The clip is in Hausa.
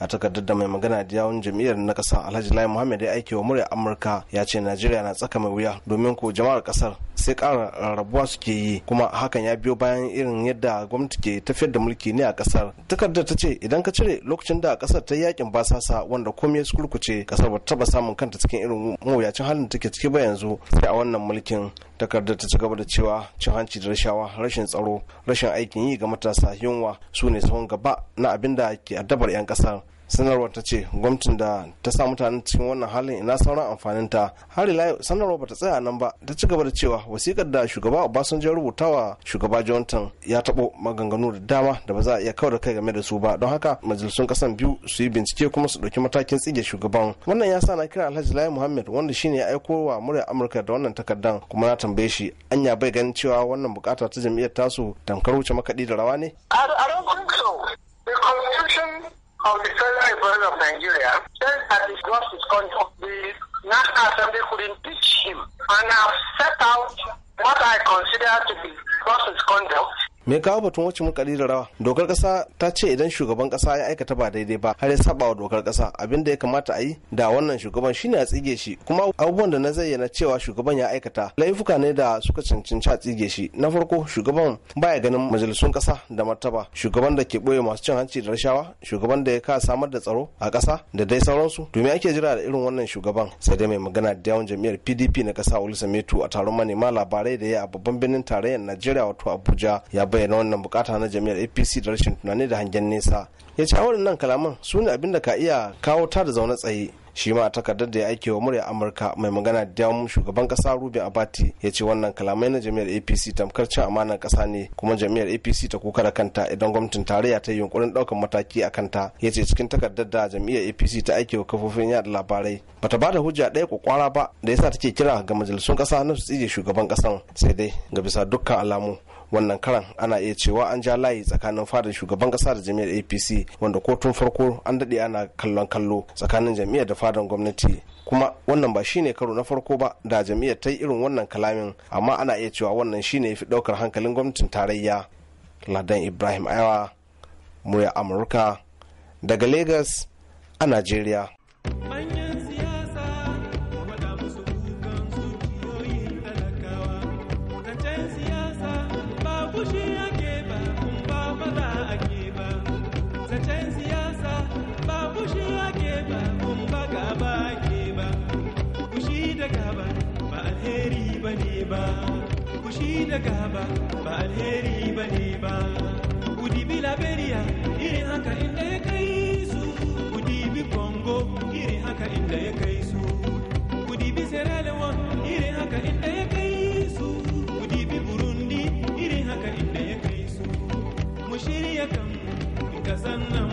a takardar da mai magana da yawun jam'iyyar na kasar alhaji lai muhammed ya aike wa murya amurka ya ce najeriya na tsaka mai wuya domin ko jama'ar kasar sai kara rarrabuwa suke yi kuma hakan ya biyo bayan irin yadda gwamnati ke tafiyar da mulki ne a kasar takardar ta ce idan ka cire lokacin da kasar ta yakin basasa wanda komai su kurkuce kasar ba taba samun kanta cikin irin mawuyacin halin da take ciki ba yanzu sai a wannan mulkin takardar ta ci gaba da cewa cin hanci da rashawa rashin tsaro rashin aikin yi ga matasa yunwa su ne sahun gaba na abin da ke addabar 'yan ƙasar sanarwar ta ce gwamnatin da ta sa mutane cikin wannan halin ina sauran amfanin ta har ila sanarwar bata tsaya nan ba ta ci gaba da cewa wasikar da shugaba obasanjo rubutawa shugaba johnson ya tabo maganganu da dama da ba za a iya kawar da kai game da su ba don haka majalisun kasan biyu su yi bincike kuma su ɗauki matakin tsige shugaban wannan ya sa na kira alhaji lai muhammed wanda shine ya aiko wa murya amurka da wannan takardan kuma na tambaye shi anya bai ganin cewa wannan bukata ta jam'iyyar tasu tamkar wuce makaɗi da rawa ne. of the Federal government of Nigeria said that he's lost his country. The National Assembly could impeach him and have set out what I consider to be gross misconduct. mai kawo batun wacce muka da rawa dokar kasa ta ce idan shugaban kasa ya aikata ba daidai ba har ya saba wa dokar kasa abin da ya kamata a yi da wannan shugaban shine a tsige shi kuma abubuwan da na zayyana cewa shugaban ya aikata laifuka ne da suka cancanci a tsige shi na farko shugaban baya ganin majalisun kasa da martaba shugaban da ke boye masu cin hanci da rashawa shugaban da ya ka samar da tsaro a kasa da dai sauransu domin ake jira da irin wannan shugaban sai dai mai magana da yawan jami'ar pdp na kasa olusametu a taron manema labarai da ya a babban birnin tarayyar najeriya wato abuja ya bayyana wannan bukata na jami'ar apc da rashin tunani da hangen nesa ya ce nan kalaman su ne abin da ka iya kawo ta da zaune tsaye shi ma a takardar da ya aike wa murya amurka mai magana da damu shugaban kasa rubi abati ya ce wannan kalamai na jami'ar apc tamkar cin amanar kasa ne kuma jami'ar apc ta kuka da kanta idan gwamnatin tarayya ta yi yunkurin daukan mataki a kanta ya ce cikin takardar da jami'ar apc ta aike wa kafofin yada labarai bata ba da hujja ɗaya kwakwara ba da yasa take kira ga majalisun kasa na su tsige shugaban kasan sai dai ga bisa dukkan alamu wannan karan ana iya cewa an ja layi tsakanin fadar shugaban kasa da jami'ar apc wanda ko tun farko an daɗe ana kallon kallo tsakanin jami'ar da fadan gwamnati kuma wannan ba shine karo na farko ba da jami'ar ta yi irin wannan kalamin amma ana iya cewa wannan shine fi daukar hankalin gwamnatin tarayya ladan ibrahim aiwa muya amurka daga lagos a najeriya Yeah. ba kushi da gaba ba alheri ba ne ba kudi bi laberiya irin haka inda ya kai su kudi congo irin haka inda ya kai su sierra leone irin haka inda ya kai su burundi irin haka inda ya kai su mu shirya kan kasan nan